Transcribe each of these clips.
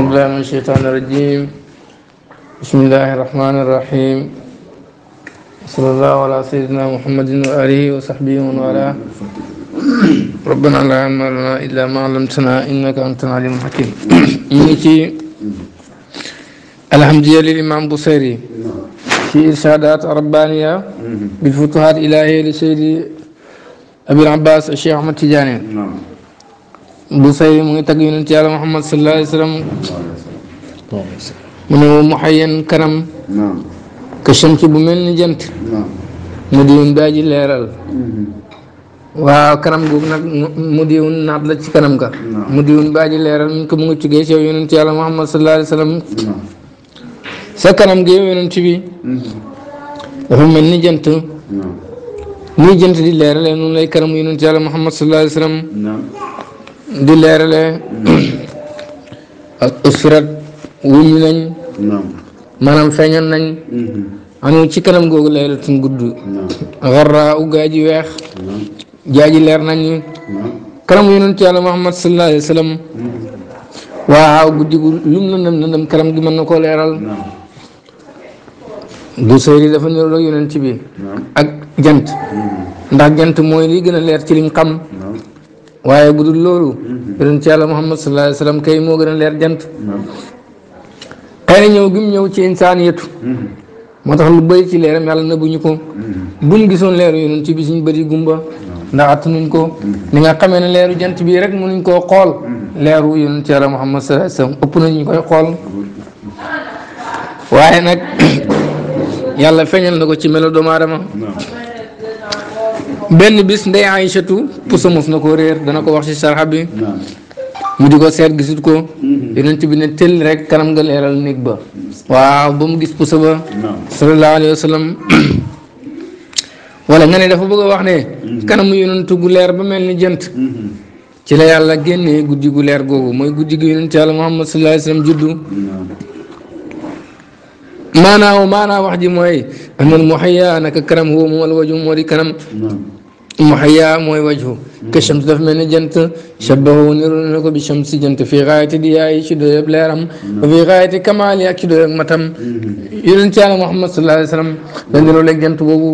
أعوذ بالله من الشيطان الرجيم بسم الله الرحمن الرحيم صلى الله على سيدنا محمد وآله وصحبه ومن والاه ربنا لا علم لنا إلا ما علمتنا إنك أنت العليم الحكيم الحمد لله للإمام بوسيري في إرشادات ربانية بالفتوحات الإلهية لسيدي أبي العباس الشيخ أحمد تجاني نعم Busayri mu ngi tagg yonent yàlla Muhammad sallallahu alayhi wa mu ne wa kanam ka shamsi bu mel ni jant mu diwun daa ji leeral mm-hmm. waaw kanam googu nag mu diwun naat la ci kanam ga mu di diwun baa ji leeral mun ko mu ngi ci yonent yàlla Muhammad sallallahu alayhi wa sallam sa kanam gi yonent bi mm-hmm. dafa mel ni jant muy jant di leerale noonu lay kanam yonent yàlla Muhammad sallallahu alayhi wa sallam di leerale ak usfirat wuñu nañ maanaam feeñoon nañ mhm. anu ci kanam googu laylatun gudd xarra u gaa ji weex jaaji leer nañ kanam yonent yàlla Muhammad sallallahu alayhi mhm. waaw guddi gu lum lëndëm lëndëm kanam gi mën na koo leeral du sëyri dafa niroog yonent bi ak jant mhm. ndax jant mooy li gën a leer ci liñ kam waaye bu dul loolu yonent yàlla muhammad sallallahu alayhi wa sallam kay moo gën a leer jant xëy na ñëw gi mu ñëw ci insaaniyatu moo tax lu bëri ci leeram yàlla nëbbuñu ko buñ gisoon leeru yonent bi suñ bëri gumba ndax attanuñ ko ni nga xamee ne leeru jant bii rek mënuñ koo xool leeru yonent yàlla muhammad sallallahu alayhi wa na ñu koy xool waaye nag yàlla feeñal na ko ci melo doomu aadama benn bis ndey Aïchatu puso mos na ko réer dana ko wax ci sarxa bi mu di ko seet gisut ko mhm. yonent bi ne tëll rek kanam nga leeral néeg ba waa bu mu gis puso ba sallallahu alayhi wa sallam wala nga ne dafa bëgg wax ne mhm. kanamu yonentu gu leer ba mel ni jant mhm. ci la yàlla génnee guddi gu leer googu mooy guddi gu yonent yàlla Muhammad sallallahu alayhi wa sallam juddu maanaa maanaa wax ji mooy anal muhayya naka kanam woo moom al wajum moo di kanam muxya mooy wajhu ke shams daf mel ni jant shabahu niru na ko bi shams jant fii xaayati di yaay ci doyab leeram wa fii xaayati kamaali ak ci doyab matam yonent yàlla Muhammad sallallahu alayhi wa sallam da niru leeg jant boobu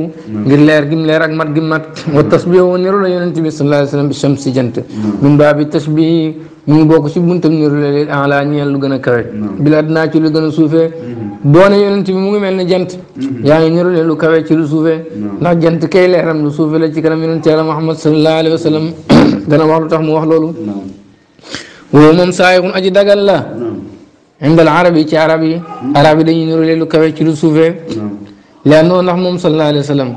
ngir leer gim leer ak mat gim mat wa tasbihu niru la yonent bi sallallahu alayhi wa sallam bi shams jant min baabi tasbihi ñu ngi bokk ci buntam niru la leen en lu gën a kawe mm-hmm. bilaa dinaa ci lu gën a suufee mm-hmm. boo ne yonent bi mu ngi mel ne jant mm-hmm. yaa ngi niru leen lu kawe ci lu suufee ndax jant kay leeram lu suufee la ci kanam yonent yàlla Muhammad sallallahu alayhi wa sallam dana wax lu tax mu wax loolu woowu moom saayixun aji dagal la inda al arab yi ci arab yi arab yi dañuy niru leen lu kawe ci lu suufee leen noonu ndax moom sallallahu alayhi wa sallam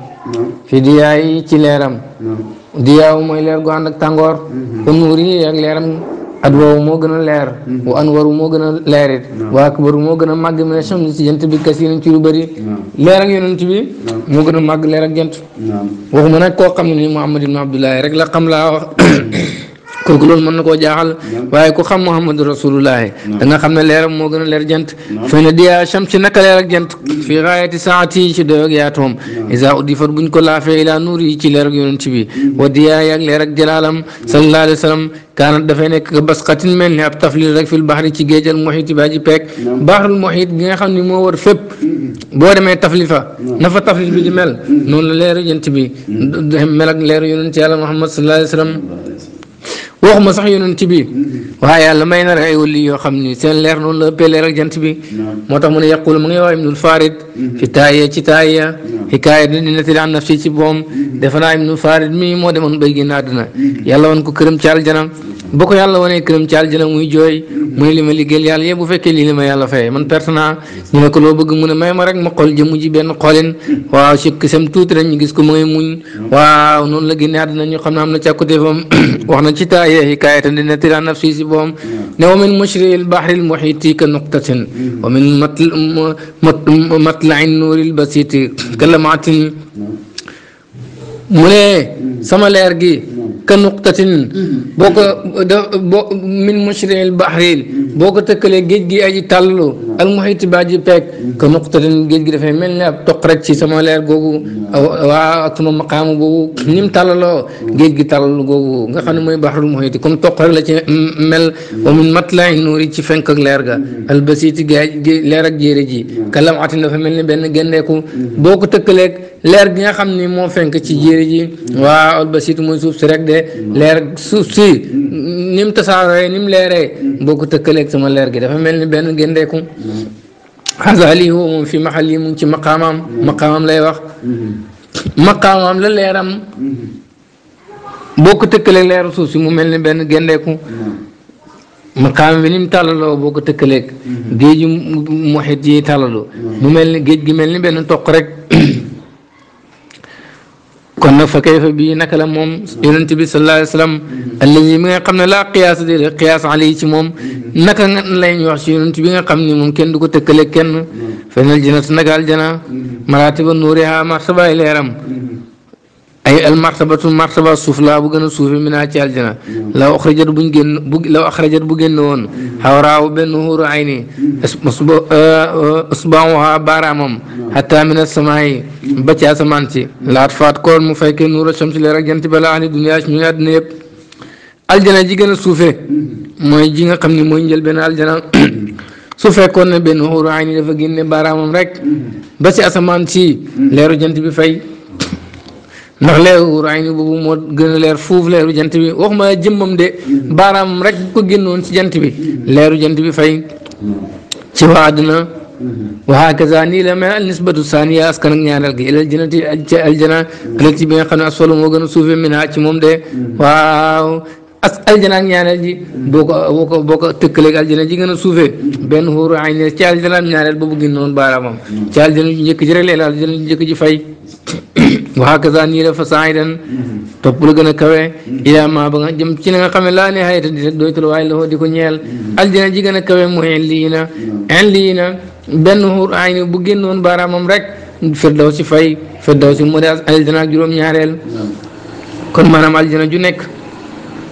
di diyaay ci leeram diyaaw mooy leer gu ànd tàngoor adwaaw moo gën a leer mm-hmm. wa anwaru moo gën a leerit wa akbaru moo gën a màgg mi ne chams si jant bi kasiiran ci yu bëri leer ak yonent bi moo gën a màgg leer ak jant waxuma nag koo xam ne ni Muhammad ibn Abdullahi rek la xam laa wax kooku loolu mën na koo jaaxal waaye ku xam muhammadu rasulullahi da nga xam ne leeram moo gën a leer jant fay na diya shams naka leer ak jant mm. fii raayati saati yi ci doyog yaatoom isa udifat buñ ko laafee ila nuur yi ci leer ak yonent bi mm. wa diya yaag leer ak jalaalam sallallahu alayhi wa ka basqatin mel ni ab taflil rek fil baxri ci géejal muhit ba ji peek baxrul muhit gi nga xam وهم صحيح نتبي وهاي لما ينرى يولي يخمني سن لرن بلير جنتبي ما تمن يقول من يوا ابن الفارد في تاية تاية حكاية لنا تلا عن نفسي تبوم دفنا ابن الفارد مي ما دمن بيجي نادنا يلا ونكو كريم شال جنم boko yàlla woné kërëm ci aljana muy joy muy ne li ma liggéeyal yàlla yëpp bu fekkee li ma yàlla fay man persona ñu ne ko loo bëgg mëna may ma rek ma xol jëm ji ben xoolin waaw ci sam tout rek ñu gis ko moy muñ waaw non la génne àddina ñu xam ne am na càkkutéefam wax na ci taayee hikaayatan na tira nafsi si boom ne wa min mushril al muhiti ka nuqtatin wa min matlain nuuril basiti kalamatin mu ne sama leer gi كنقطة بوك من مشرع البحرين بوك تكل جيج جي أجي تالو المحيط باجي بيك كنقطة جيج جي دفع من لا تقرأت شي سما لير جوجو أو أكم مقام جوجو نيم تالو جيج جي تالو جوجو غخان مي بحر المحيط كم تقرأ لك مل ومن مطلع النور شي فنك لير جا البسيط جي لير رجي كلام عتنا فمن بين جنكو بوك تكلي leer gi nga xam ni moom fenk ci jéeri ji waa albasiitu mooy suuf si rek de leer suuf si ni mu tasaaree ni mu leeree boo ko tëkkaleeg sama leer gi dafa mel ni benn gendeeku xasali woo mu ci maqaamaam maqaamaam lay wax maqaamaam la leeram boo ko tëkkaleeg leeru suuf si mu mel ni benn géndeeku maqaam bi ni mu tàllaloo boo ko tëkkaleeg géeju muxit tàllaloo mu mel ni géej gi mel ni benn toq rek kon nag fa kayfa bii naka la moom yonent bi sallallahu alayhi wa sallam allazi mi nga xam ne laa qiyaas di qiyaas alayhi ci moom naka nga lay ñu wax ci yonent bi nga xam ni moom kenn du ko tëkkale kenn fenal jannatu naka aljana maraatiba nuuriha martabaay leeram ay al martabatu martaba suuf laa bu gën a suufi minaa ci aljana law axrajat buñ génn bu law axrajat bu génn woon xawraaw benn xuuru ay ni asbaamuha euh, baaraamam xataa ba ci asamaan si laat faat koon mu fekkee nuura sam si leer ak jant bala ahli dunia si ñu àddina yëpp aljana ji gën a suufe mooy ji nga xam ne mooy njël benn aljana su fekkoon ne benn xuuru ay ni dafa génne baaraamam rek ba ci asamaan si leeru jant bi fay ndax leeru ràññu boobu moo gën a leer fuuf leeru jant bi wax waxuma jëmmam de baaraam rek bu ko génnoon ci jant bi leeru jant bi fay ci waa àdduna wa hakaza nii la mel al nisbatu saaniya askan ak ñaareel gi ilal jannati ci aljana alati bi nga xam ne moo gën a suufee minaa ci moom de waaw as aljana ak ñaareel ji boo ko boo ko boo ko ji gën a suufee benn xuuru ayni ci aljana ñaareel boobu génnoon baaraamam ci aljana ju njëkk ji rek leer aljana ju njëkk ji fay وهكذا نيل فصاعدا mm-hmm. toppul gën a kawe mm-hmm. ilaa ma ba nga jëm ci la nga xam ne laa ne xayata di doytul waaye la di ko ñeel mm-hmm. aljana ji gën a kawe mu xen lii na xen lii na benn xuur ay ni bu génnoon baaraamam rek firdaw si fay firdaw si mu de aljana juróom ñaareel kon maanaam aljana ju nekk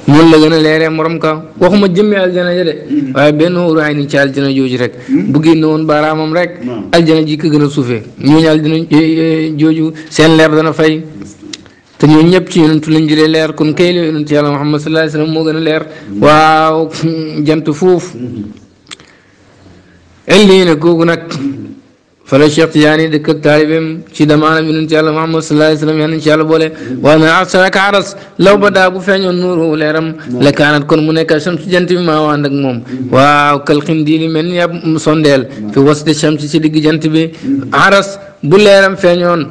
noonu la gën a leeree morom ka waxuma jëmmi aljana de mhm. waaye benn xóoru ay ni ci aljana jooju rek mhm. bu génne woon baaraamam rek aljana ji ko gën a suufee ñooñu aljana eh, eh, jooju seen leer dana fay te ñooñu ñëpp ci yonentu lañ jëlee leer kon kay la yonentu yàlla moo gën a leer mhm. waaw jant foofu elli kooku nag fala Cheikh Tidiane dëkk ak taalibeem ci damaanam yonent yàlla Muhammad sallallahu alayhi wa sallam yal nañu ci yàlla boole waa na asraka aras law ba daa bu feeñoon nuuru leeram la kon mu nekk shams ci jant bi maa waa ak moom waaw kal xindiili mel ni ab sondeel fi wasti shams ci digg jant bi aras bu leeram feeñoon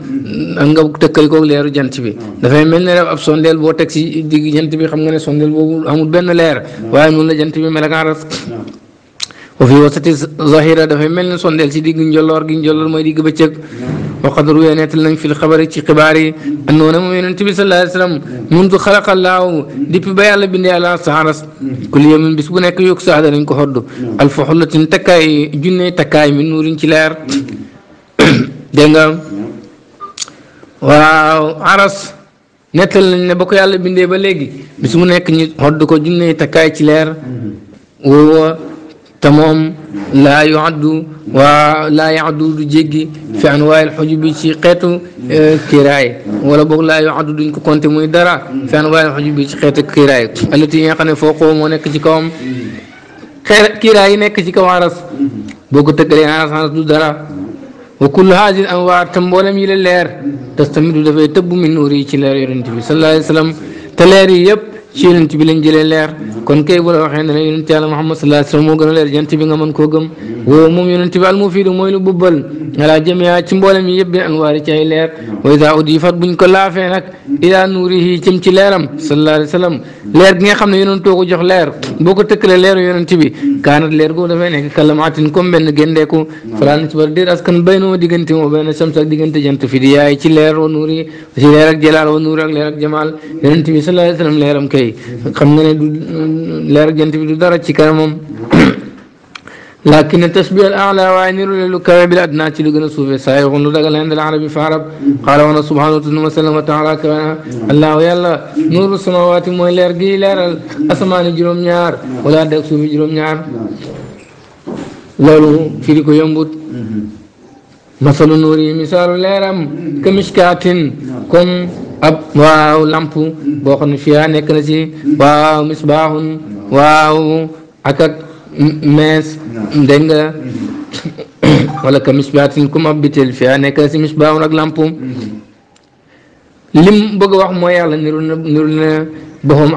nga tëkkali koog leeru jant bi dafay mel ne ab sondeel boo teg ci digg jant bi xam nga ne sondeel boobu benn leer waaye noonu la jant bi mel aras وفي وسط الظاهرة دافay في ni sondeel si digg njolloor gi njolloor mooy digg bëccëg وقد روي ان يتلن في الخبر تي خباري أن نون من النبي صلى الله عليه وسلم منذ خلق الله ديب با يالا بند يالا سارس كل يوم بس بو نك يوك سادا نك خود الف حلة تكاي جنة تكاي من نور تي لير دنگا واو عرس نتل نك بو يالا بندé ba légui bis mu nek ñi xod ko jinné takay ci leer wo تمام لا يعد ولا يعد جيجي في انواع الحجب شي قيتو آه، كراي ولا بوك لا يعد دنجو كونت موي دارا في انواع الحجب شي قيتو كراي التي يقني فوقو مو نيك سي كوم كراي نيك سي كوم عرس بوك تكري عرس دو دارا وكل هذه الانواع تمبولم يل لير تستمد دفاي تب من نوري شي لير يونتبي صلى الله عليه وسلم تلاري يب شيلن تبلين جلالير كن كي بلا وحين لا ينتي على محمد صلى الله عليه وسلم وقنا لير جنتي بنا من كوغم ومم ينتي بعلم فيد ومويل ببل على جميع تنبول من يبي أنوار جاي لير وإذا أضيفت بن كل عفينك إلى نوره تم تلارم صلى الله عليه وسلم لير جميع خم ينتو وجه لير بوك تكل لير ينتي بي كان لير قول فين كلمات كم بين جندكو فلان تبر دير أسكن بينه دجنتي وبين الشمس دجنتي جنت في دياي تلير ونوري تلير جلال ونورك لير جمال ينتي بي صلى الله عليه وسلم لير كي tey xam nga ne du leer jant bi du dara ci kanamam lakin tashbi al ala waaye nirule lu kawe bi adna ci lu gën a suufee saa yoxun lu dagal ind al arabi fa arab xaala woona subhanahu yàlla nuuru samawaati mooy leer gi leeral asamaani juróom-ñaar wala suufi juróom loolu firi ko yombut mm-hmm. masalu nuuri misaalu leeram ka miskaatin comme mm-hmm. ab waaw lamp boo xam ne fiyaa nekk na si waaw misbaaxun waaw ak mees dégg nga wala ka misbaatin comme ab bitel fiyaa nekk na ci misbaaxun ak lamp lim bëgg a wax mooy yàlla niru na niru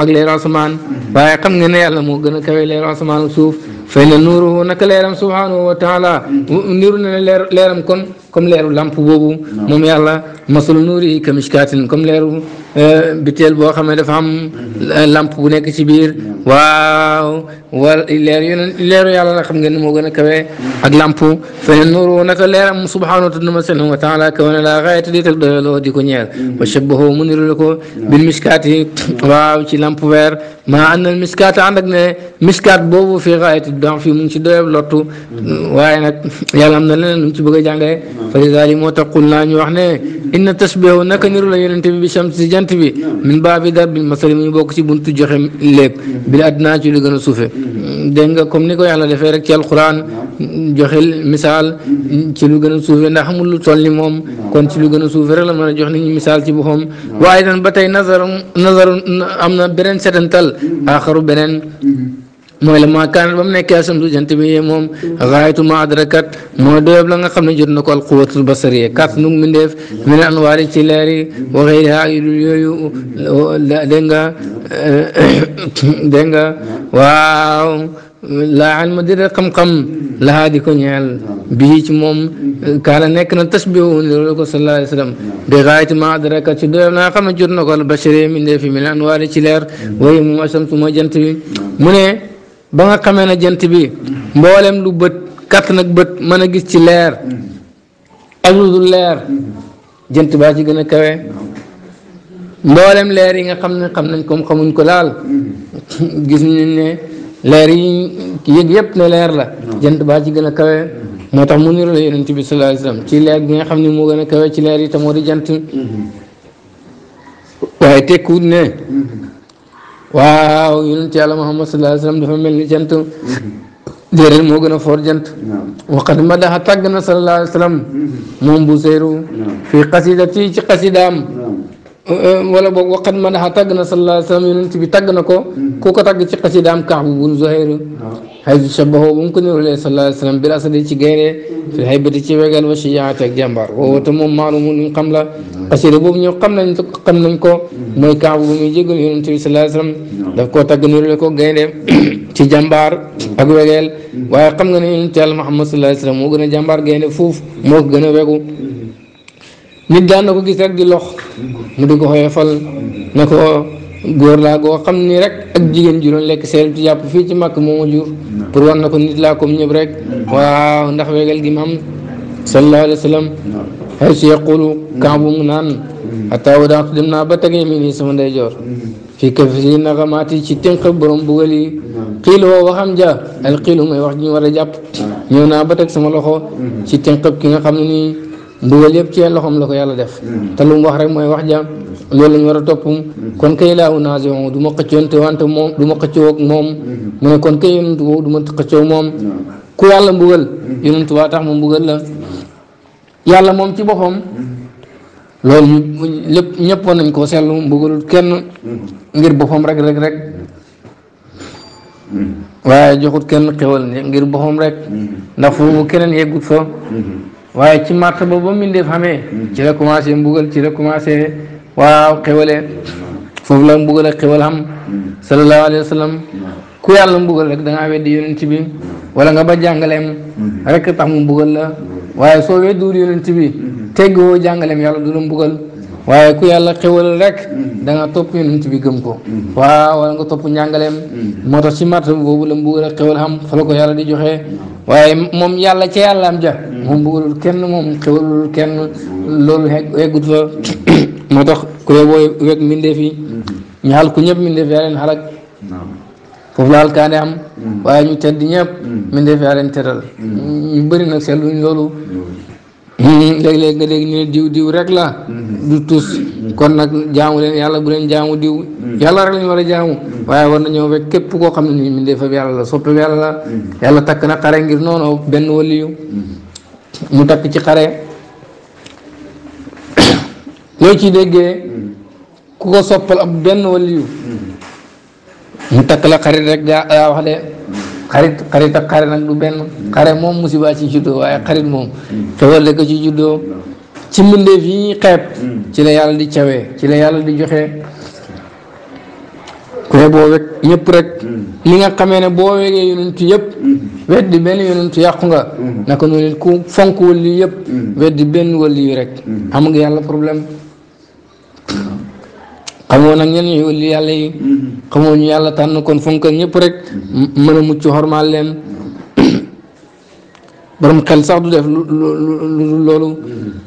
ak leeru asamaan waaye xam nga ne yàlla moo gën a kawe leeru asamaan ak suuf fay na nuuru naka leeram wa taala niru na leeram kon comme leeru lamp boobu moom yàlla masalu nuuri ka mishkaatin comme leeru euh, biteel boo xam ne dafa am mm-hmm. euh, lamp bu nekk ci biir mm-hmm. waaw wal leer leeru yàlla na xam ngeen ni moo gën a kawe mm-hmm. ak lamp feneen nuuru naka leeram subhaanahu tudd ma seen wa taala kawe na laa xayata di tag doyaloo di ko mu niru ko bil mishkaat yi waaw ci lamp weer maa ànd na mishkaat ànd boobu fii xayati donc fii mu ngi ci doyab lottu waaye na leneen lu mu ci bëgg a jàngee fa li daali moo tax qul naa ñu wax ne inna tasbihu naka niru la yonent bi bi shams si jant bi min baabi darbil masali mu ngi bokk ci buntu joxe léeb bil adnaa ci lu gën a suufe dégg nga comme ni ko yàlla defee rek ci alquran joxel misaal ci lu gën a suufe ndax amul lu toll ni moom kon ci lu gën a suufe rek la mën a jox nit ñi misaal ci boppam waaye dan ba tey nazaru nazaru am na beneen setantal aaxaru beneen moy la ma kan bam mu asam du jant bi mom moom ma adrakat mo doob la nga xamne ne jot na ko al quwatul basariya kàtt nu mu mindeef min wari ci leer yi wa xeyriha yu dul denga denga waaw la al di qam qam la hadi ko ñal bi ci moom kaala nekk na tasbihu loolu ko sallallahu alayhi wasallam bi gaayati ma adraka ci doyam naa xam ne na ko al bashari min defi min an wari ci leer mu asam tu mo jant bi mu ne ba nga xamee ne jant bi mboolem lu bët kàtt nag bët mën a gis ci leer ak lu dul leer jant baa ci gën a kawe mboolem leer yi nga xam ne xam nañ ko xamuñ ko laal gis nañ ne leer yi yëg yëpp ne leer la jant baa ci gën a kawe moo tax mu niru la yonent bi sallallahu alayhi wasallam ci leer gi nga xam ne moo gën a kawe ci leer yi te moo jant waaye tekkuwut ne waaw yonent yàlla Muhammad sallallahu alayhi wa sallam dafa mel ni jant déedéet moo gën a foor jant waqad madaxa tàgg na sallallahu alayhi wa sallam mhm. moom bu séeru fii xasidati ci xasidaam Euh, wala boog waqat madaxa tàgg na sallallahu alayhi bi tàgg na ko hmm. ku ko tàgg ci xasidaam kaax ah. bu bun zohayru xaytu shabaho ba mu ko nirulee sallallahu alayhi wa sallam bil asadi ci gaynde hmm. fi haybati ci wegal wa shijaati ak jàmbaar woowu te moom maalumu ñu xam la hmm. xasida boobu ñëw xam nañ xam nañ ko mooy kaax bu muy jégal yonent bi sallallahu alayhi wa sallam ko gaynde ci jàmbaar ak wegeel waaye xam nga ne yonent yàlla Muhammad sallallahu alayhi wa sallam moo gën a jàmbaar gaynde foofu moo ko gën nit daan na ko gis rek di lox mu di ko xoyofal na ko góor laa goo xam ni rek ak jigéen ju doon lekk seen ci jàpp fii ci màkk moomu jur pour wan na ko nit laa comme ñëpp rek waaw ndax wegal gi mam sallallahu alayhi wasallam, ay xay yaqulu kamp bu mu naan attaw daatu dem naa ba tegee mi nii sama ndeyjoor fi ka fi naxamaati ci tënk borom bugal yi xiiloo waxam ja al xiilu mooy wax ji ñu war a jàpp ñëw naa ba teg sama loxo ci tënk ki nga xam ndigal yeb ci loxom la ko yàlla def hmm. te lu wax rek moy wax jam lolou lañ wara topum hmm. kon kay laahu naazihun du ma xëccoon te wante mom du ma xëccoo ak moom hmm. mu ne kon kay yonent boobu du ma ku yalla mbugal yonent waa tax mu mbugal la yalla mom ci bopam lolou ñu lépp ñëpp woon nañ ko seetlu mbugalul kenn ngir bopam rek rek rek waye joxut kenn xewal ngir bopam rek ndax fu kenen yegut fa waaye ci martaba ba mbindeef xamee ci la commencé mbugal ci la commencé waaw xewale foofu la mbugal ak xewal xam sallallahu alayhi wa sallam ku yàlla mbugal rek da ngaa weddi yonent bi wala nga ba jàngaleem rek tax mu mbugal la waaye soo weddiwul yonent bi teggoo jàngaleem yàlla du la waaye ku yàlla xewalal rek mm-hmm. da nga topp yonent bi gëm ko mm-hmm. waaw wala nga topp njàngaleem mm-hmm. moo tax ci martaba boobu la mbugal ak xam ko yàlla di joxe waaye moom yàlla ca yàlla am ja moom mbugalul tax ku yeboo weg mbindeef yi ñu xal ku ñëpp mbindeef yaa leen xalak foofu ñu tedd ñëpp mbindeef loolu Mm-hmm. léeg-léeg nga dégg ñu ne diw diw rek la mm-hmm. du tus mm-hmm. kon nag jaamu leen yàlla bu leen jaamu diw yàlla rek lañu war a jaamu waaye war na ñëw rek képp koo xam ne nii min defab yàlla la soppab yàlla yàlla takk na xare ngir noonu benn waliyu mu takk ci xare loo ci déggee ku ko soppal benn mu takk la xarit rek daa wax de xarit xarit ak xare nag du benn xare moom musiba ci juddoo waaye xarit moom xewal la ko ci juddoo ci mbindeef yi xeeb ci la yàlla di cawee ci la yàlla di joxe ku ne boo wekk ñëpp rek li nga xamee ne boo wegee yonentu yëpp weddi benn yonentu yàqu nga mm. naka noonu ku fonk wali yëpp mm. weddi benn wali yu rek xam mm. nga yàlla problème xamoo nag ñenn ñi wëlli yàlla yi mm-hmm. xamoo ñu yàlla tànn kon fonkal ñëpp rek mm-hmm. mën a mucc xormaal leen mm-hmm. borom xel sax du def loolu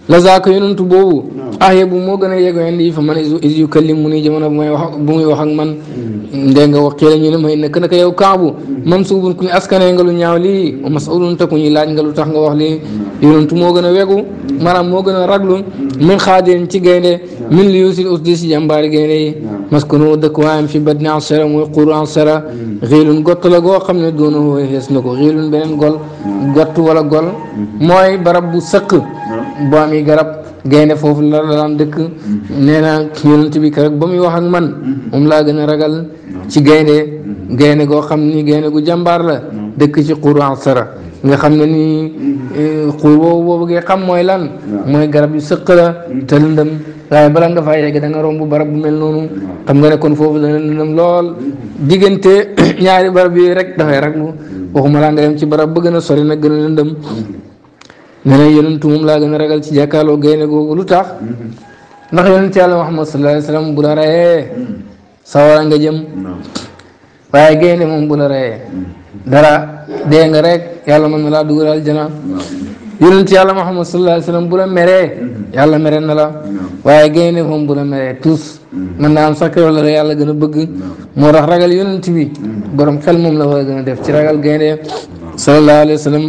la zaaka yonentu boobu aaya ah, bu moo gën a yegoo indi fa man is yu kallim mu ni jamono bu may wax bu muy wax ak man hmm. dégg nga wax la ñu ne may nekk naka yow kaabu hmm. man suubun ku ñu ñaaw lii masulun te ku ñuy laaj nga lu tax nga wax lii hmm. moo gën a wegu maanaam moo gën a raglu min xaadirin ci gaynde min li yusil usdi si jàmbaari gaynde yi maskunu dëkkuwaayam fi badni asara mooy xuru asara xiilun gott la xam ne doona wooy xees ko xiilun beneen gol gott wala gol mooy barab bu sëq bu ami garab gaynde foofu la daan dëkk nee na naa yonent bi rek ba muy wax ak man moom laa gën a ragal ci gaynde gaynde goo xam ni gaynde gu jàmbaar la dëkk ci xuuru ansara nga xam ne nii eh, xuur boobu boo bëggee xam mooy lan mooy garab yu sëq la te lëndëm waaye bala nga faa yegg da nga romb barab bu mel noonu xam nga ne kon foofu dana lëndëm lool diggante ñaari barab yi rek dafay raglu waxuma laa nga dem ci barab ba gën a sori nag gën a lëndëm ne ne yonent la laa gën a ragal ci jàkkaarloo gaynde googu lu tax ndax ci yàlla Muhammad sallallahu alayhi wasallam bu la rayee sawara nga jëm waaye gaynde moom bu la rayee dara dee nga rek yàlla mën na laa dugal aljana ci yàlla Muhammad sallallahu alayhi wasallam bu la meree yàlla mere na la waaye gaynde moom bu la meree tous mën naa am sax la yàlla gën a bëgg moo tax ragal ci bi borom xel moom la war a gën a def ci ragal gaynde sallallahu alayhi wa sallam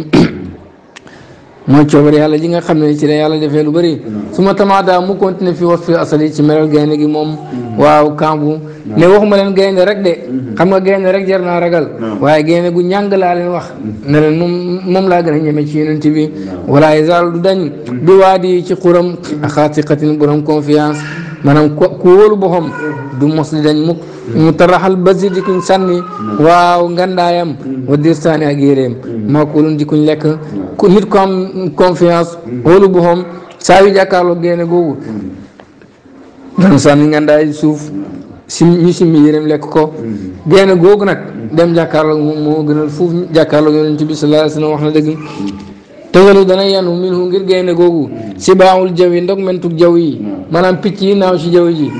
mooy coobare yàlla ji nga xam ne ci la yàlla defee lu bëri su ma tamaada mu continué fi wasfi asali ci melal gaynde gi moom waaw kambu ne waxuma leen gaynde rek de xam nga gaynde rek jar naa ragal waaye gaynde gu ñàng laa leen wax ne leen moom moom laa gën ñeme ci yonent bi wala isal du dañ bi waadi ci xuram xaatiqatin borom confiance maanaam ku wóolu boppam du mos li dañ mukk mu taraxal basir di kuñ sànni waaw ngandaayam wa dir saani ak yéréem maa ko wóolun di kuñ lekk nit ko am confiance wóolu boppam saa yu jàkkaarloo génne googu dana sànni ngandaay suuf si ñu simmi yéréem lekk ko génne googu nag dem jàkkaarloo moo gënal fuuf jàkkaarloo yonent bi sallallahu alayhi wa sallam wax na dëgg tegalu dana yan umil hungir ngir gaynde si baaxul jaw yi ndog mentug jaw yi maanaam picc yi naaw ji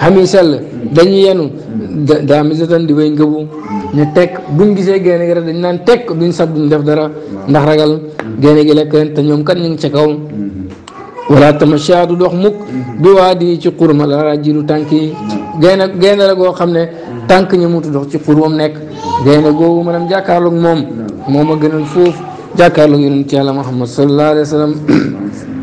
xami sel dañuy yanu da mi di bay ngëbu ñu tek buñ gisee gaynde gi rek dañ nan tek duñ sab duñ def dara ndax ragal gi lek te kan ñu kaw wala du dox muk bi di ci malara la rajilu tanki yi gaynde gaynde la goo xam ne ñu mutu dox ci xurmam nekk gaynde googu manam jàkkaarloog moom moom gënal fofu jàkkaarloo yonent yàlla Muhammad sallallahu alayhi wa sallam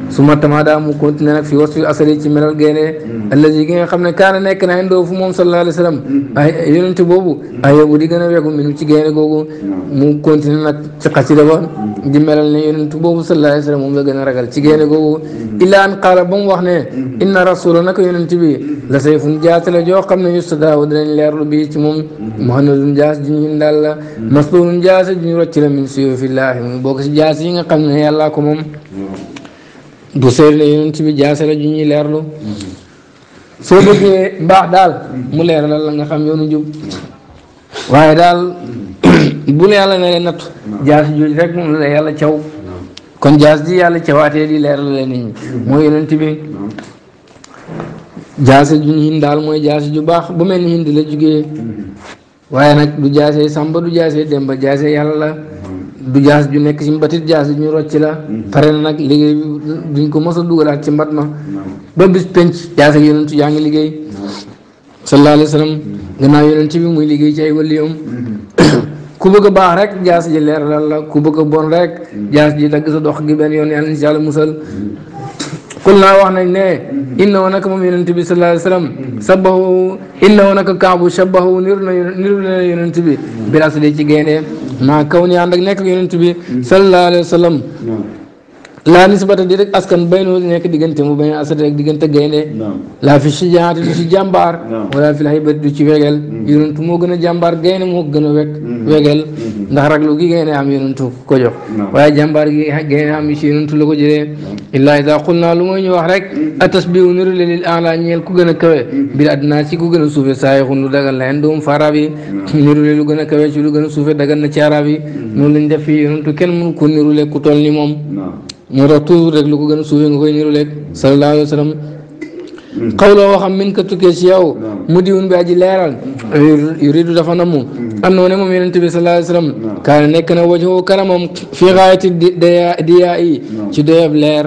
su ma tamaada mu continué nag fi wasfi asari ci melal gaynde mm. allazi gi nga xam ne kaana nekk na indoo fu moom sallallahu alayhi wa sallam mm. ay yonente boobu ay yobu di gën a weeku minu ci gaynde googu mm. mu continué nag ci xasida ba di melal ne yonente boobu sallallahu alayhi wa sallam moom la gën a ragal ci gaynde googu illa an qaala ba mu wax ne inna rasula naka yonente bi la sayfun jaasi la joo xam ne yustadaaw dinañ leerlu bii ci moom muhammadun jaas ju ñu daal la maslulun jaasi ju ñu rocc la min suyufillahi mu bokk si jaas yi nga xam ne yàllaa ko moom bu seet la yonent bi jaase la ju ñuy leerlu soo bëggee baax daal mu leeralal la nga xam yoonu jub waaye daal bu la yàlla naree nattu jaas jooju rek moom la yàlla caw kon jaas ji yàlla cawaatee di leeral la nit ñi mooy yonent bi jaase ju hind daal mooy jaas ju baax bu mel ni hind la jugee waaye nag du jaase sàmba du jaase demba jaase yàlla la du jaas ju nekk ci mbatit jaas ju ñu rocc la mhm. pare na nag liggéey bi duñ ko mos a dugalaat ci mbat ma ba bis penc jaas ak yonentu yaa ngi liggéey sallallahu alayhi wa sallam mhm. gannaaw liggéey ci ay mhm. ku bëgg baax rek jaas ji leer lal la ku bëgg a bon rek jaas ji dagg sa dox gi benn yoon yàlla wax nañ ne inna woo naka moom yonent bi sallallahu alayhi wa sallam sabahu inna woo naka kaabu shabahu niru na niru na yonent bi biraas ci gaynde maa kaw ni ànd ak nekk ak yonent bi sallallahu alayhi wa sallam laa nisbata di rek askan baynoo di nekk diggante mu bayn asad rek diggante gaynde laa fi sijaati du ci jàmbaar wala fi laybati du ci wegel mm-hmm. yonentu moo gën a jàmbaar gaynde moo gën a wekk mm-hmm. wegel mm-hmm. ndax raglu gi gaynde am yonentu ko jox waaye jàmbaar gi gaynde am ci yonentu la ko jëlee illaa ida qul naa lu mooy ñu wax rek a tasbihu nirule lil ala ñeel ku gën a kawe bil adnaa ci ku gën a suufe saa yaxun lu dagal la en doom fa arab yi nirule lu gën a kawe ci lu gën a suufe na ci arab yi lañ def fii kenn mënu ko nirule ku toll ni moom Noor ak toujours rek lu ko gën a suufe nga koy niru leeg sallallahu alayhi wa sallam xawloo mm. waxam min ka tukkee si yow mm. Mm. mu diwun bi aji leeral yuridu dafa namu andoona moom yonent bi sallallahu alayhi wasallam kaana nekk na wajhu karamam fi gaayati diyaa yi ci doyob leer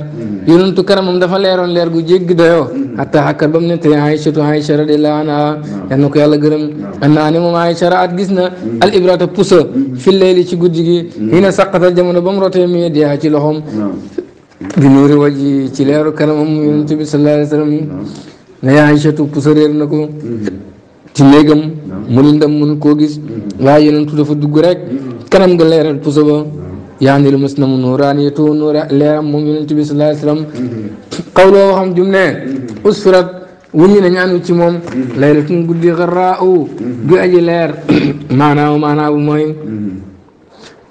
yonentu karamam dafa leeroon leer gu jéggi doyoo hatta hakkat ba mu ne tey Aïchatu Aïcha radiyallahu anha yal na ko yàlla gërëm annaa ne moom Aïcha raat gis na al ibrata pousa fi leeli ci guddi gi hina saqata jamono ba mu rotee mi diyaa ci loxom bi nuuri wajji ci leeru kanamam yonent bi sallallahu alayhi wa sallam ne yaa Aysatu pusa réer na ko mm-hmm. ci néegam mu lëndam mun koo gis mm-hmm. waaye yonentu dafa dugg rek mm-hmm. kanam nga leeral pusa ba yaa ni lu mas na mu nuuraaniyatu nuura leeram moom yonent bi sallallahu alayhi wa sallam xawloo waxam jum ne usfirat wuññi na ñaanu ci moom laylatun guddi xarraa u du aji bu mooy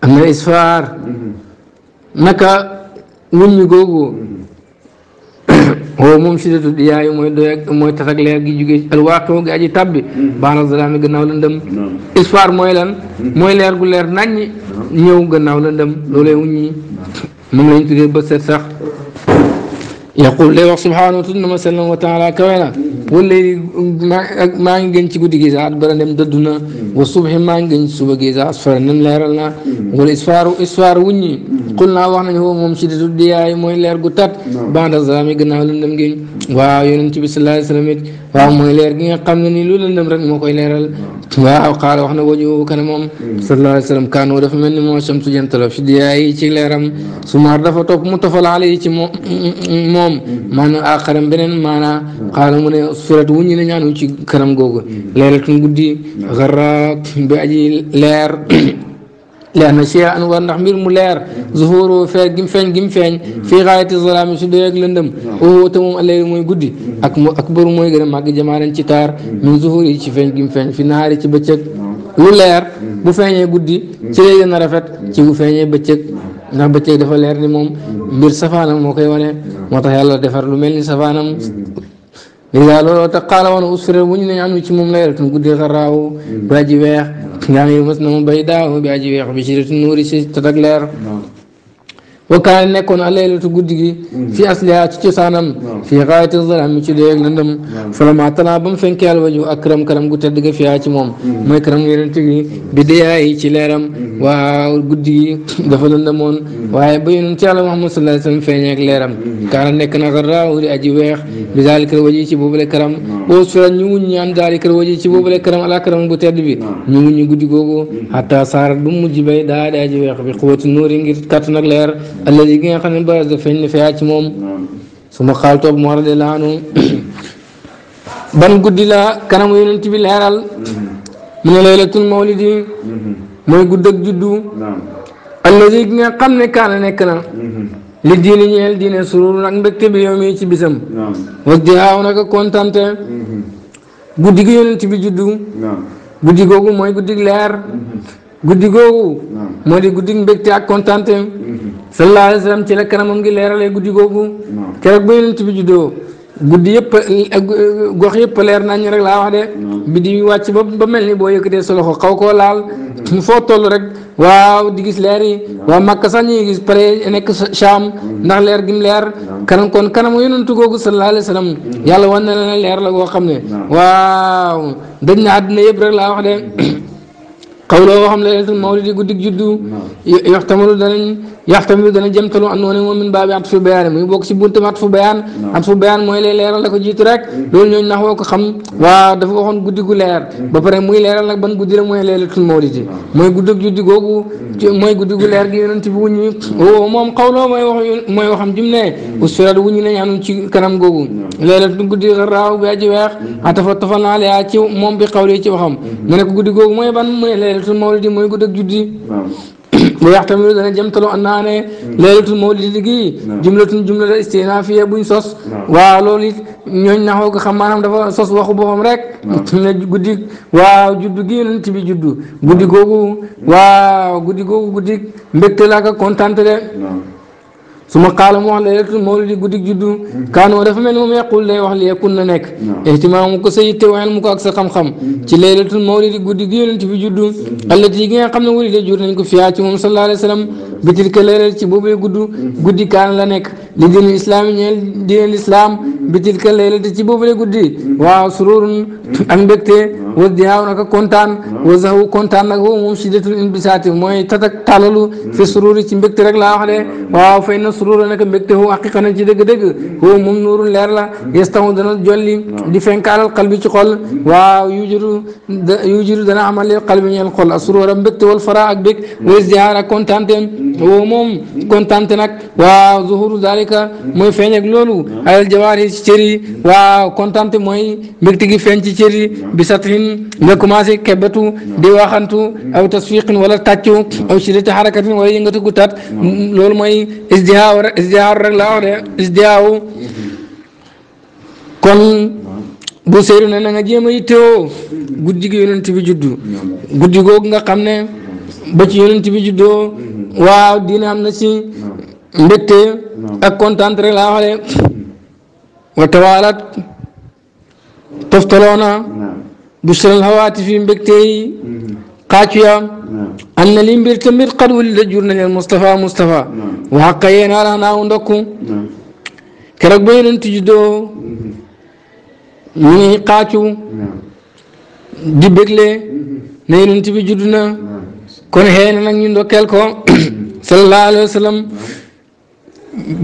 am na isfaar wulli googu waaw moom si datu diyaayu mooy doy mooy tas leer gi jugee alwaaqi gi aji tabbi baaxna zalaami gannaaw lëndëm isfaar mooy lan mooy leer gu leer naññ ñëw gannaaw lëndëm loolay wuññi moom lañ tuddee ba set sax yaqul day wax subhaanahu tudd na ma sallam wa taala maa ngi gën ci guddi gi sax at bara dem dëddu na wa subhi maa ngi gën ci suba gi sax wuññi xul naa wax nañu moom si ditu diyaay mooy leer gu tat banda salaam yi gannaaw gi waaw yonent bi sallallahu alayhi waaw mooy leer gi nga xam ne nii lu lëndëm rek moo koy leeral waaw xaala wax na waju kana moom mm. sallallahu alayhi wasallam kaanoo dafa mel ni moo samsu jantalo si diyaay yi ci leeram su maar dafa topp mu tofal xale yi ci moom moom mm. maanaam aqaram beneen maanaa xaala mu ne surat wuññi na ñaanu ci kanam googu mm. leeral tun guddi xarra bi aji leer leena chia an war ndax mbir mu leer zuhuru feer gim feeñ gim feeñ fii xaayati zalaami su dee ak lëndëm woo te moom allay mooy guddi mm-hmm. ak mu akbaru mooy gën a màgg jamaaran ci taar mm-hmm. min zuhur ci feeñ gim feeñ fi nahaari ci bëccëg mm-hmm. lu leer bu feeñee guddi ci lay gën a rafet ci bu feeñee bëccëg ndax bëccëg dafa leer ni moom mbir safaanam moo koy wane moo tax yàlla defar lu mel ni safaanam léegi looloo tax xaala woon usra wuñu nañ am ci moom laylatun guddee xaraaw bi aji weex yaa ngi mas na mu bay daaw bi aji weex bi si nuuri si tatak leer wakkaane nekkoon alleylatu guddi gi mm-hmm. fi asliha ci cosaanam fii xaayati zalami ci dee ak lëndëm falama tana ba mu fenkeel waju ak këram këram gu tedd ga fiyaa ci moom mm-hmm. mooy këram yonent bi bi deyaay ci leeram mm-hmm. waa guddi gi dafa lëndëmoon waaye ba yonent yàlla Muhammad sallallahu alayhi wasallam feeñee ak leeram kaana nekk na xarraaw di aji weex bi daal kër waji ci boobale këram aus fira ñu wuñ ñi an daal kër waji ci boobale këram ala këram gu tedd bi ñu wuñ ñu guddi googu hatta saarat bu mujj bay daa di aji weex bi ngir kàttan ak leer alladi gi nga xam ne baras da feeñ ne fiyaa ci moom su ma xaal toog mu war a de ban guddi la kanamu yonent bi leeral mm-hmm. mu ne laylatul mawlidi mm-hmm. mooy gudd ak juddu alladi gi nga xam ne kaana nekk na mm-hmm. li diini ñeel diine surur ak mbégte bi yow mii ci bisam juddu guddi googu mooy guddi leer guddi googu moo di guddi mbégte ak kontante sallallahu alayhi wa sallam ngi leeralee guddi googu keroog ba yonent bi juddoo guddi yëpp gox yëpp leer nañ rek laa wax de bi di wàcc ba ba mel ni boo yëkkatee sa loxo xaw koo laal mm-hmm. foo toll rek waaw di gis leer yi waaw Makka sax ñuy gis pare nekk Sham mm-hmm. ndax leer gim leer kanam kon kanam yonentu googu sallallahu alayhi wa sallam mm-hmm. yàlla wan na leen leer la goo xam ne waaw dañ na àddina yëpp rek wax de قولوهم ليلة المولد يقدك جدو نعم. يحتملوا دلن يحتملوا دلن جمتلو أنوني ومن باب عطف بيان مي بوكسي بنت عطف بيان نعم. عطف بيان مي ليلة ليلة لك جيت راك نعم. لول نيو نحو كخم وا دفو خون قدي قو ليلة بفر مي ليلة لك بن قدي مي ليلة المولد مي قدك جدو قوكو مي قدي قو ليلة جيرن تبوني هو مام قولو مي مي وخم جملة وسرد وني نيا نو تي كلام قوكو ليلة قدي غراو بيجي بيخ أتفت فنال يا تي مام بقولي تي وخم منك قدي laylatul mawlidi mooy guddi ak juddi bu yaxtamilu dana jëmtalu annaa ne hmm. laylatul mawlidi gi jumlatun jumla la istinaafiya buñ sos waa looli it ñooñ naxoo xam maanaam dafa sos waxu boppam rek ne guddi waaw juddu gi yonent bi juddu guddi googu hmm. waaw guddi googu guddi mbégte la ak de ثم قال موال نعم. ليلة المولد قدك جدو كان ودف من هم يقول لي وحل يكون نك اهتمامك سيدة وعلمك أكثر خم خم تي ليلة المولد قدك يولد في جدو التي جيجي قمنا ولد جورنك فياتهم صلى الله عليه وسلم بتلك ليلة تبوبي قدو قدك كان لنك li diinu islam yi ñeel diineel islam bi tilka laylati ci boobule guddi waaw sururun ak mbégte wa diyaaw naka kontaan wa zahu kontaan nag woo moom shiddatul inbisaati mooy tatak talalu fi sururi ci mbégte rek laa wax de waaw fay na surura naka mbégte woo haqiqa na ci dëgg-dëgg woo moom nuurun leer la yestahu dana jolli di fenkaalal xal bi ci xol waaw yujiru yujiru dana amal lil xal bi ñeel xol a surura mbégte wal fara ak bég wa isdihaar ak kontaante woo moom kontaante nag waaw zuhuru dalik zalika mooy feeñ ak loolu alal jawaar yi ci cër yi waa kontaan mooy mbégte gi feeñ ci cër yi bi satin nga commencé kebetu di waxantu aw tasfiqin wala tàccu aw shiddati harakatin wala yëngatu gu tat loolu mooy isdihaaw isdihaaw rek laa wax de isdihaaw kon bu seeru ne na nga jéem a yittewoo guddi gi yonent bi juddu nga xam ne ba ci am na si mbégte ak kontaante rek laa waxale wa tawaalat toftaloona bu sëral xawaati fi mbégte yi mm-hmm. xaacu ya am na li mbir tamit xad wali da jur nañu Moustapha Moustapha wax keroog ba yonent juddoo mm-hmm. ñu ngi di bégle mm-hmm. ne yonent bi kon xëy na nag ñu ndokkeel ko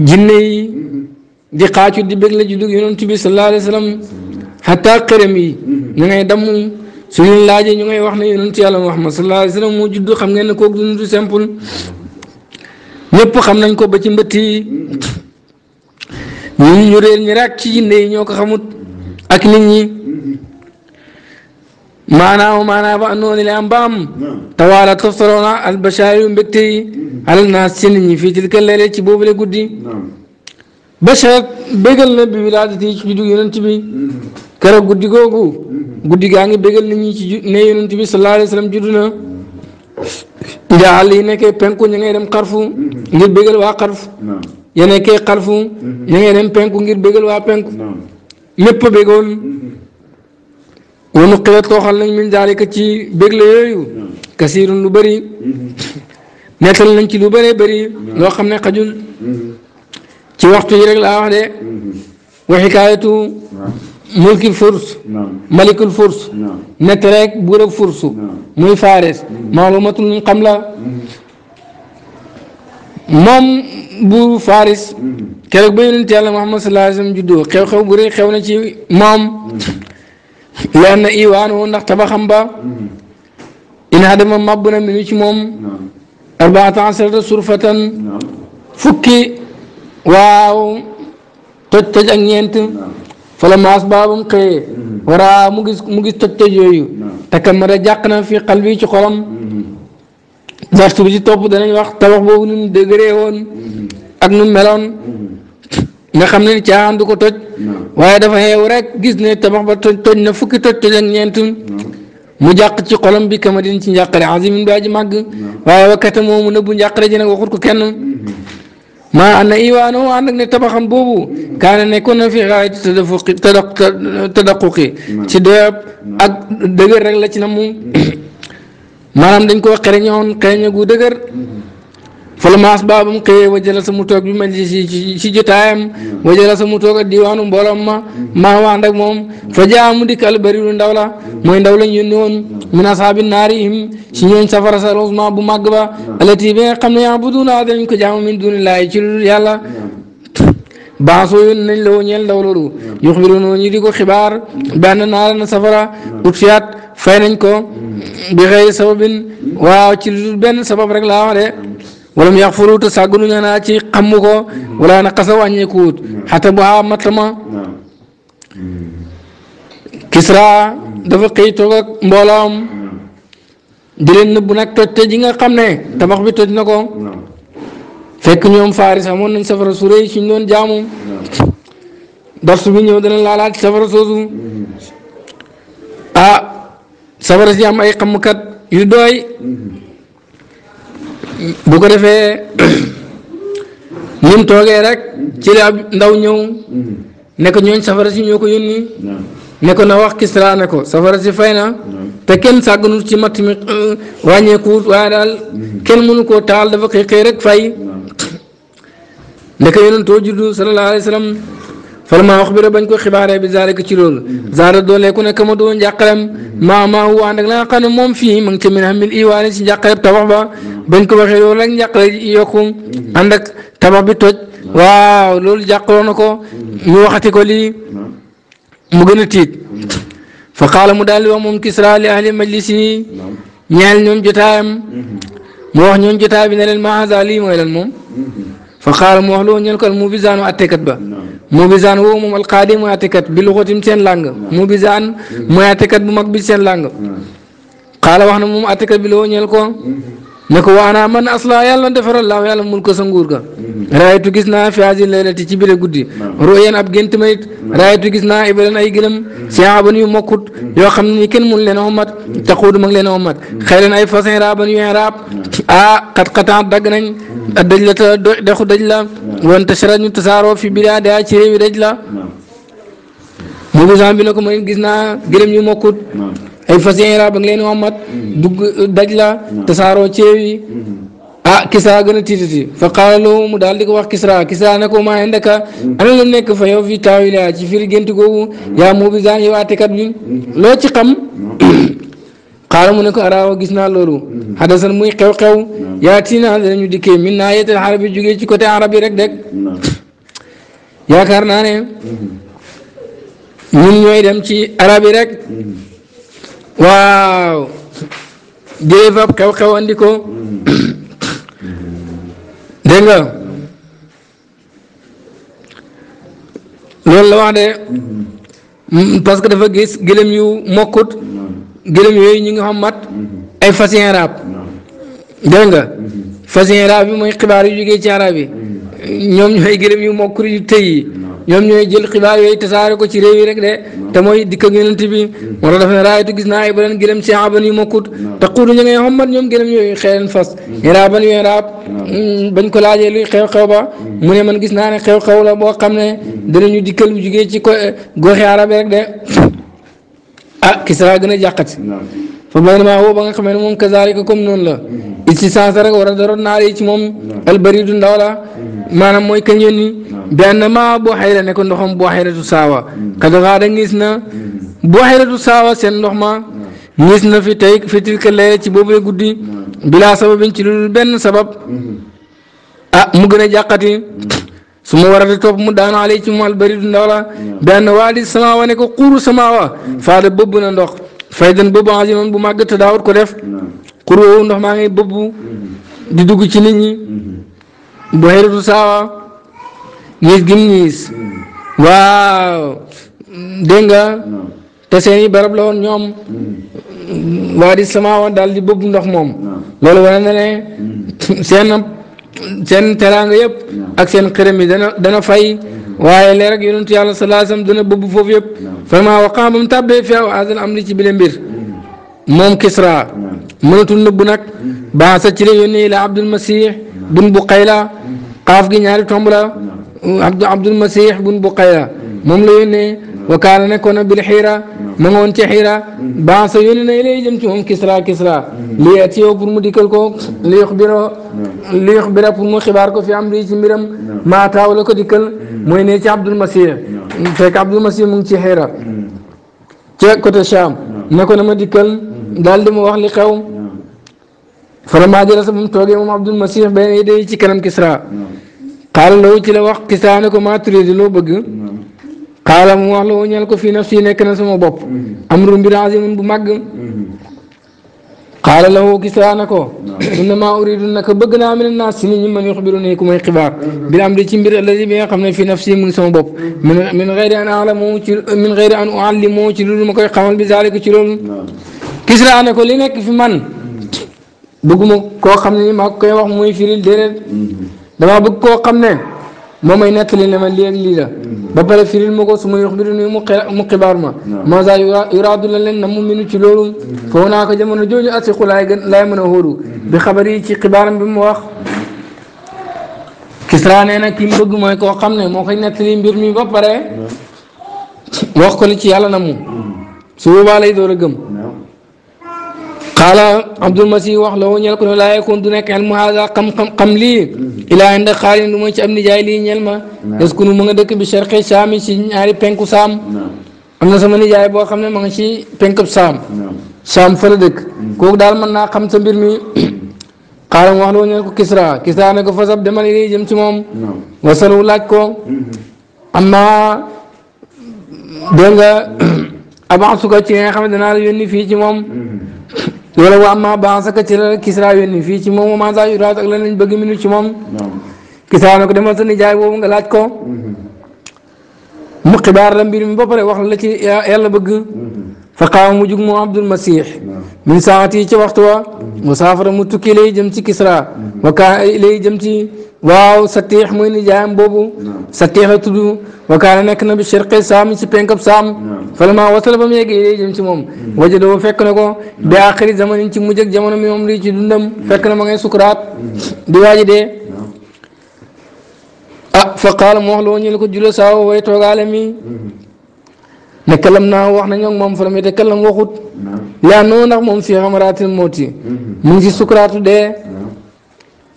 jinne yi di xaacu di bëgg la juddug yonent bi sallallahu alayhi wa sallam xataa xërëm yi ñu ngay damm su leen laajee ñu ngay wax ne yonent yàlla Muhammad sallallahu alayhi wa sallam moo judd xam ngeen ne kooku dund du simple ñëpp xam nañ ko ba ci mbëtt yi ñu ñu réer ci jinne ñoo ko xamut ak nit maanaamu maanaa ba andoona li am ba am tawaala toftaloona albashaayu mbégte yi alal naas ci nit ñi fii tilka leele ci boobule guddi bashar bégal na bi wilaadati ci juddu yonent bi keroog guddi googu guddi gaa ngi bégal nit ñi ci ne yonent bi sallallahu alayhi wa sallam juddu na ndaa àll yi nekkee penku ñu ngay dem xarfu ngir bégal waa xarfu ya nekkee xarfu ñu ngay dem penku ngir bégal waa penku lépp bégoon wa nu xilat tooxal nañ min daalika ci bégle yooyu kasirun lu bëri nettal nañ ci lu bëree bëri loo xam ne xajul ci waxtu yi rek laa wax de wa xikaayatu mulkil furs malikul furs nett rek buur ak fursu muy faares maalumatul ñu xam la moom buuru faaris keroog ba yonent yàlla Muhammad sallallahu alayhi wa sallam juddoo xew-xew bu na ci moom leen na iwaan woon ndax tabaxam ba inaa ma màbb na minu ci moom arbaata asrata surfatan fukki waaw toj toj ak ñeent fala maas baabam xëyee mm-hmm. waraa mu gis mu gis toj toj yooyu takamara jàq fii xal bi ci xolam dartu mm-hmm. bi ci topp danañ wax tabax boobu nu mu dëgëree woon mm-hmm. ak nga xam ne ni caaxaan ko toj waaye dafa xeew rek gis ne tabax ba toj na fukki toj toj ak ñeent mu jaq ci xolam bi kama din ci njàqare azimin bi aji màgg waaye wakkate moomu nëbbu njàqare ji nag waxut ko kenn mm-hmm. maa ànd na iwaano ànd tabaxam boobu mm-hmm. kaane nekkoon na fi xaay tadafuqi tada tadaquqi ci doyab ak dëgër rek la ci na mu mm-hmm. maanaam dañ koo xereñoon xereñe gu dëgër fala maas baabam xëyee wajala sa mu toog bi mel ci ci jotaayam wajala sa mu toog ak diwaanu mbooloom ma maa waan ak moom fa jaamu di kal bari lu la mooy ndaw lañ yónni woon min asaabi naarihim si ñooñ safara sa rosement bu màgg ba alati bi nga xam ne yaa bu dunaa danañ ko jaamu la woo ñeel ndaw loolu yuxbiroonoo ñu di xibaar benn naara na safara utfiyaat fay ko bi xëy sababin waaw ci lu benn sabab rek laa wax de wala mu yàq a sàgganu ñaanaa ci xamu ko na xasa wàññeeku wut mm-hmm. xata bu haa matama mm-hmm. Kisra dafa xëy toog ak mbooloom mm-hmm. di leen nag toj te ji nga xam ne tabax bi toj na ko fekk ñoom Faris amoon nañ safara su rëy suñ doon jaamu dars bi dana laalaat safara soosu ah safara si am ay xamukat yu doy. bu ko defee ñun toogee rek ci la ndaw ñëw nekk ko ñooñ safara si ñoo ko yónni ne na wax Kisra ne ko safara si fay na te kenn sàgganul ci matt mi euh, wàññeeku waaye daal mm-hmm. kenn mënu koo taal dafa xëy rek fay ndeke yonentoo juddu sallallahu alayhi wa falamaa wax bi rek bañ ko xibaaree bi zaare ci loolu zaare doolee ku nekk ma doon njàqaram maa maa wu ànd ak la nga xam ne moom fii ma ngi ca min hamil iwaani si njàqareb tabax ba bañ ko waxee loolu rek njàqare yokku ànd ak tabax bi toj waaw loolu jàqaloo na ko ñu waxati ko lii mu gën a tiit fa xaala mu daal di wax moom kisra li ahli majlis yi ñeel ñoom jotaayam mu wax ñoom jotaay bi ne leen maa haza lii mooy lan moom fa xaala mu wax loolu ñeel ko al mu bisaanu attekat ba mubisaan woowu moom alqaadi mooy àttekat bi luxatim seen làng mubisaan mooy àttekat bu mag bi seen lang xaala mm-hmm. wax na moom àttekat bi la woo ñeel ko mm-hmm. ne wa waanaa man asla yàlla defaral laaw yàlla mun ko sa nguur ga raayatu gis naa fi hasil laylati ci bire guddi royen ab gént mayit raayatu gis naa ibalan ay gëlëm siyaaban yu mokkut yoo xam ne ni kenn mun leen omat taxuudu mag leen omat xëy ay fasin raaban yu raab ah xat-xataan dagg nañ daj la ta dexu daj la wante sara ñu tasaaroo fi bidaa daa ci réewi la mu bisan bi ne ko man gis naa gëlëm yu mokkut ay fas yéene laa ba nga leen wammat dugg mm-hmm. uh, daj la tasaaroo ceew mm-hmm. ah, gën a tiitati fa qaala daal di ko wax Kisra Kisra ne ko maa indaka mm-hmm. ana la nekk fa yow fii taawila ci firi gént googu yaa mubizaan yow àttekat bi loo ci xam qaala mu ne ko araawa gis naa loolu xadasan muy xew-xew yaa tiina danañu dikkee min naa yeetal arab yi jógee ci côté arab yi rek dek yaakaar naa ne ñun ñooy dem ci arab yi rek waaw jëlee fab xew-xew andi ko mm-hmm. loolu la wax de mm-hmm. parce que dafa gis gëlëm yu mokkut mm-hmm. gëlëm yooyu ñu ngi xam mat ay fasien arab dégg nga fasien bi mooy xibaar yu jógee ci arab yi ñoom ñooy gëlëm yu mokkut yu tëy yi ñoom ñooy jël xibaar yooyu tasaare ko ci réew yi rek de te mooy dikk ak yonent bi moo dafa ne raayatu gis naa ay beneen gëlëm ci yu ma kut te xuudu ñu ngay xommat ñoom gëlëm yooyu xeelen fas yéraban yooyu raab bañ ko laajee luy xew-xew ba mu ne man gis naa ne xew-xew la boo xam ne dana ñu dikkal bu jugee ci ko eh, goxi arab rek de ah Kisra gën a jàqat fa baynama woo ba nga xamee ne moom kazaalika comme noonu la hmm. it si sansa rek war a daroon naari ci moom hmm. albaridu ndaw la hmm. bi ànd maa Buhayra ne ko ndoxam Buhayratu Saawa xad xaada ngis na Buhayratu Saawa seen ndox ma ngis na fi tey fi tilka ci boobu la guddi bilaa sababin ci lu benn sabab ah mu gën a jàqati su ma war topp mu daanu alay ci mu albari du ndaw la benn waa di samaawa ne ko xuuru samaawa faada bëbb na ndox faydan bëbb aziman bu màgg te ko def xuuru woowu ndox maa ngi bëbb di dugg ci nit ñi Buhayratu Saawa yiis gim yiis waaw dégg nga te seeni barab la woon ñoom waa di samaawa daal di bëbb ndox moom loolu wane na seen seen teraanga yëpp ak seen xërëm yi dana dana fay waaye leer ak yonentu yàlla salaasam dana bëbb foofu yëpp vraiment waxaa ba mu tàbbee fi aw am li ci bile mbir moom Kisra mënatul nëbbu nag baasa ci la yónnee la Abdul Masih bun bu xayla xaaf gi ñaari tomb abd abdul masih bun buqaya moom la yónnee wakaala nekkoon na bil xiira ma nga woon ci xiira baasa yónni na ilay jëm ci moom kisra kisra li ati yow pour mu dikkal ko li yuxbiro li yuxbira pour mu xibaar ko fi am ri ci mbiram maa taaw la ko dikkal mooy ne ci abdul masih fekk abdul masih mu ngi ci xiira ca côté Cham ne ko na ma dikkal daal di ma wax li xew faramaa jëla sa bu mu toogee moom abdul masih benn day ci kanam kisra قال لو تي لوخ كيسانك ما تريد لو بغ قال مو والله نيال كو في نفسي نيك نا سما بوب امر ميراج من بو ماغ قال له كيسانك انما اريد انك بغنا من الناس ني من يخبرني كما يخبار بلا امر تي مير الذي بي خامني في نفسي من سما بوب من غير ان اعلم من غير ان اعلم تي لول ماكاي خامل بذلك تي لول لي نيك في من بغمو كو خامني ماكاي واخ موي فيريل ديرل damaa bëgg koo xam ne moo may nettali ne ma lii ak lii ba pare firil ma ko su ma yox bi ni mu xibaar ma masa yuraadu la leen na mu minu ci loolu foo naa ko jamono jooju asiqu laay gën laay mën a hóoru bi xabar yi ci xibaaram bi mu wax Kisra nee na ki mu bëgg mooy koo xam ne moo koy nettali mbir mi ba pare wax ko li ci yàlla na mu su boobaa lay door a gëm abdul masih wax la woo ñel ko ne laa yakun du nekk elmu haada xam-xam xam lii ma ci am nijaay lii ñel ma yaskunu mu nga dëkk bi sharqi saami si ñaari penku saam am na sama nijaay boo xam ne ma nga ci penkub saam saam fa la dëkk mm. daal mën naa xam sa mbir mi xaalam wax la ñel ko kisra kisra ne ko fasab demal yi jëm ci moom wasalu laaj ko mm-hmm. amma dégg nga avant su ko ci nga xam ne danaa fii ci moom mm-hmm. loola wa amma bansaka ci la Kisra yónni fii ci moom ma sa yuraat ak lan lañ bëgg minu ci moom Kisra na ko demal sa nijaay boobu nga laaj ko mm-hmm. mu xibaar la mbir mi ba pare wax la ci yàlla bëgg mm-hmm. fa qaama mu jug moom Abdul Masih min saati ci waxtu wa mm-hmm. saafara mu tukki lay jëm ci Kisra wa kaa lay jëm ci waaw Satiix mooy nijaayam boobu. Satiix la tudd wakaana nekk na bi sharqi saam si penkab saam. falamaa wasala ba mu yeggee day jëm ci moom. Hmm. wajadoo fekk na ko. bi aaxiri zamanin ci mujj ak jamono mi moom lii ci dundam. Hmm. fekk na ma ngay sukuraat. Hmm. di waaji dee. ah fa qaala mu wax loo ñu ko julo saa way toogaale mi. ne kalam naa wax nañoo ak moom fa la muy te kalam waxut. yaa noo ndax moom fii xamaraatil mawti mu si sukuraatu dee.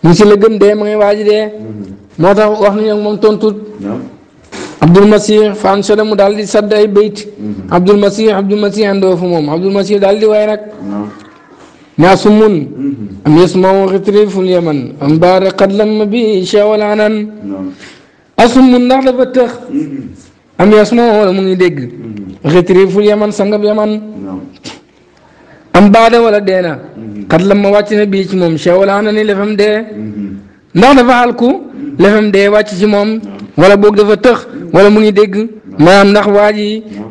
musi la gëm dee ma ngay dee mm-hmm. moo tax wax nañu ak moom tontut abdul masih fan soda mu daal di sadd ay bayt mm-hmm. abdul masih abdul masih àndoo fa moom abdul masih daal di waay nag naasumun mm-hmm. am yasmaw ritriful yaman am baara xadlan ma bi chawalaanan asumun ndax dafa tëx am yasmaw wala mu ngi dégg ritriful yaman sangab yaman am baada wala deena قد لما واتشنا بيش موم شاول انا ني لفم دي نو دا فالكو لفم دي واتشي موم ولا بوك دا ولا موني ديغ ما ام نخ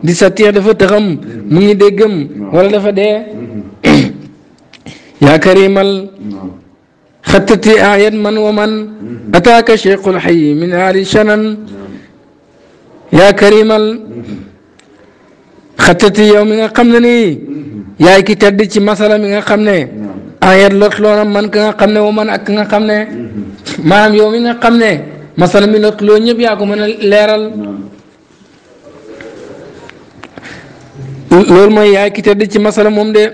دي ساتير دا فتخم موني ديغم ولا دا دي يا كريم ال خطتي اعين من ومن اتاك شيخ الحي من ال شنن يا كريم ال خطتي يوم قمني يا كي تدي شي مثلا قمني ayet lot loo na man ka nga xam ne wa man ak ka nga xam ne maanaam yow mi nga xam ne masala mi lot loo ñëpp yaa ko mën a leeral loolu mooy yaay ki tedd ci masala moom de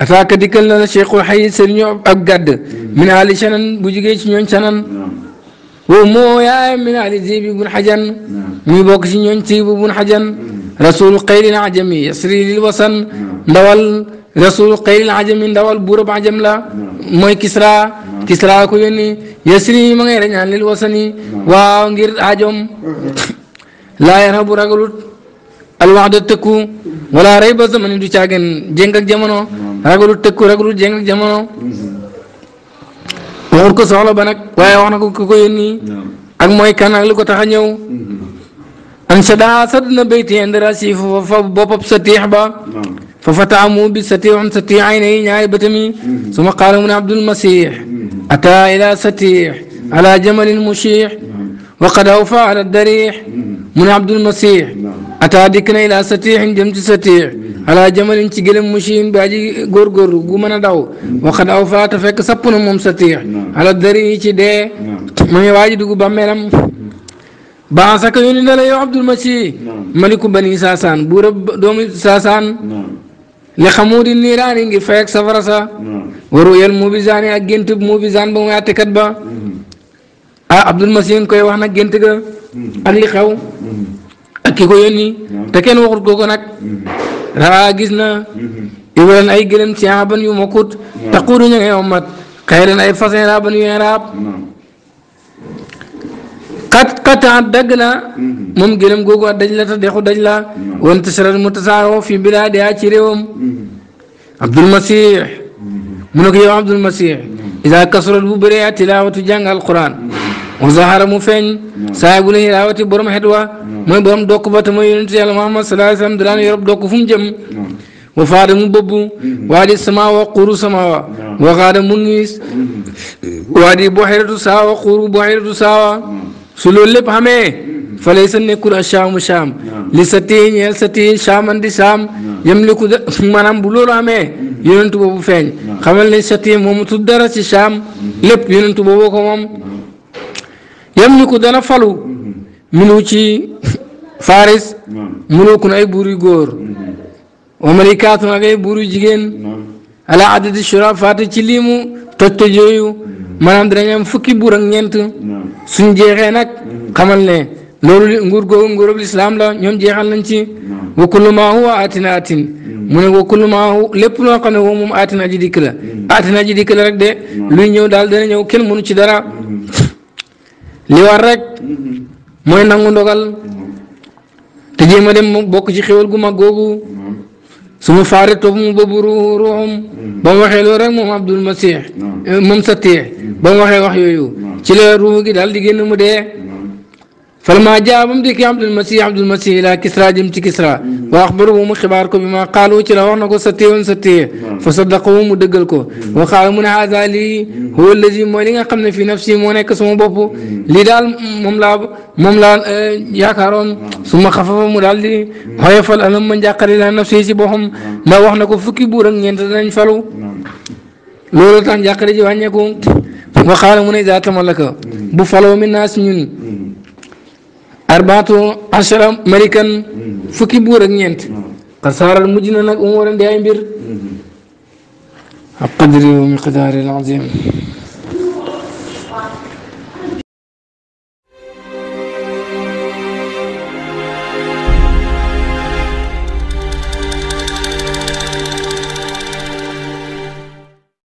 ataaka dikkal na la cheikhul xayi sëriñu ab gàdd min ali sanan bu jugee ci ñooñ sanan wow moo yaay min ali zibi bun xajan muy bokk ci ñooñ sibu bun xajan rasul xayril ajami yasri lil wasan hmm. ndawal rasul xayril ajami ndawal buurab ajam la hmm. mooy kisra hmm. kisra ko yónni yasri ma ngay rañaan lil wasani waaw ngir ajom laa yarhabu ragalut alwaxda tëkku wala rey ba zamani du caagen jéng ak jamono ragalut tëkku ragalut jéng ak soxla ba waaye wax na ko ko ak mooy kan ak li ko أنشدها أسدنا بيتي عند راسي فبوب سطيح با نعم. ففتعمو مو بسطيع سطيع عيني نعي بتمي ثم قال من عبد المسيح أتى إلى سطيح على جمل مشيح نعم. وقد أوفى على الدريح من عبد المسيح نعم. أتى ديكنا إلى سطيح جمت سطيح على جمل تجل مشين باجي غورغور غومنا داو وقد أوفى تفك سبنا مم سطيح على الدريح دي من يواجد بامرام baasaka yónni na la yow Abdul Masi maliku bani saasaan buura doomu saasaan li xamu di niiraan yi safara sa waru yel mubisaan yi ak gént mubisaan ba muy àttekat ba mhm. ah Abdul koy wax nag gént ga mhm. mhm. ak ki ko yónni te kenn waxut ko ko nag raa gis na iwalan ay gëlëm ci aban yu mokkut taqudu ñu ngay omat xayran ay fasin aban yu raab xat xataan dagg na mm-hmm. moom gëlëm googu daj la ta dexu daj la mm-hmm. wante saral mu tasaaroo fi bilaadi yaa ci réewam mm-hmm. abdul masih mu ne ko yow abdul masih ida kasurat bu bëree tilaawatu jàng alquran wa zahara mu feeñ saabu la hilaawati borom xet wa mooy borom dokk ba te mooy yonente yàlla muhammad sallallahu alayhi wasallam dalaan yorob dokk fu mu jëm wa faada mu bëbbu waa di sama wa quuru sama wa waxaada mu nuis waa di boxiratu saawa quuru boxiratu saawa su loolu lépp xamee falay sa nekkul a shaamu shaam li sa tii ñeel sa tii shaaman di shaam yem li ku de maanaam bu loolu amee yonentu boobu feeñ xamal ne sa tii moom tu dara ci shaam lépp yonentu boobu ko moom yem li ku dana falu minu ci faris mulukun ay buur yu góor wa malikaatun ak ay buur yu jigéen ala ci liimu toj toj yooyu maanaam danañ am fukki buur ak suñ jeexee nag xamal ne loolu nguur googu nguurub lislaam la ñoom jeexal nañ ci mm. wa kullu maa huwa atina atin mm. mu ne wa kullu maa huwa lépp loo xam ne woo moom atina aji dikk la mm. atina aji dikk la rek de luy ñëw daal dana ñëw kenn mënu ci dara mm-hmm. li war rek mm-hmm. mooy nangu ndogal mm-hmm. te jéem a dem bokk ci xéwal gu mag googu suma faare toog mu boobu ruuxu ruuxum mm. ba mu waxee loolu rek moom Abdul Masih mm. eh, moom mm. ba mu waxee wax yooyu ci la ruux gi mu dee. فلما جاء ديك عبد المسيح عبد المسيح الى كسرى جمت كسرى واخبروا مخباركم بما قالوا تلا ورنا ستي ون ستي فصدقوا مدقلكم وقالوا من هذا لي هو الذي مو قمنا في نفسي مو نيك سما بوب مملا مملا موم آه، لا ياكارون ثم خفف مو دال لي هيف الالم من جاقر الى نفسي سي ما واخنا فكي بورن ak فلو dañ تان جاقر tax وقالوا من ذات waxaala بفلو من ناس tamalaka arbaatu ashara marikan fukki buur ak ñeent xasaaral mujj na nag umuran di ay mbir ak qadri wa miqdaari al azim